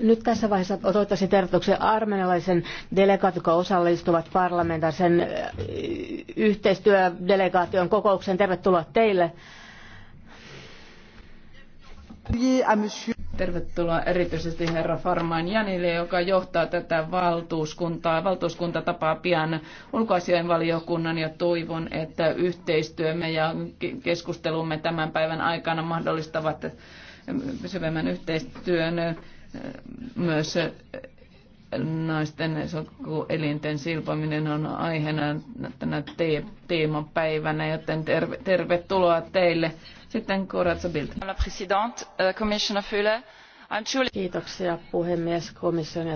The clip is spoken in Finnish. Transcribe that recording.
Nyt tässä vaiheessa toivottaisin tervetuksen armenialaisen delegaat, joka osallistuvat parlamentaarisen yhteistyödelegaation kokoukseen. Tervetuloa teille. Tervetuloa erityisesti herra Farman Janille, joka johtaa tätä valtuuskuntaa. Valtuuskunta tapaa pian ulkoasian valiokunnan ja toivon, että yhteistyömme ja keskustelumme tämän päivän aikana mahdollistavat syvemmän yhteistyön myös naisten elinten silpominen on aiheena tänä te- teemapäivänä, joten terve- tervetuloa teille. Sitten Koratsa Bild. Euh, Kiitoksia puhemies komission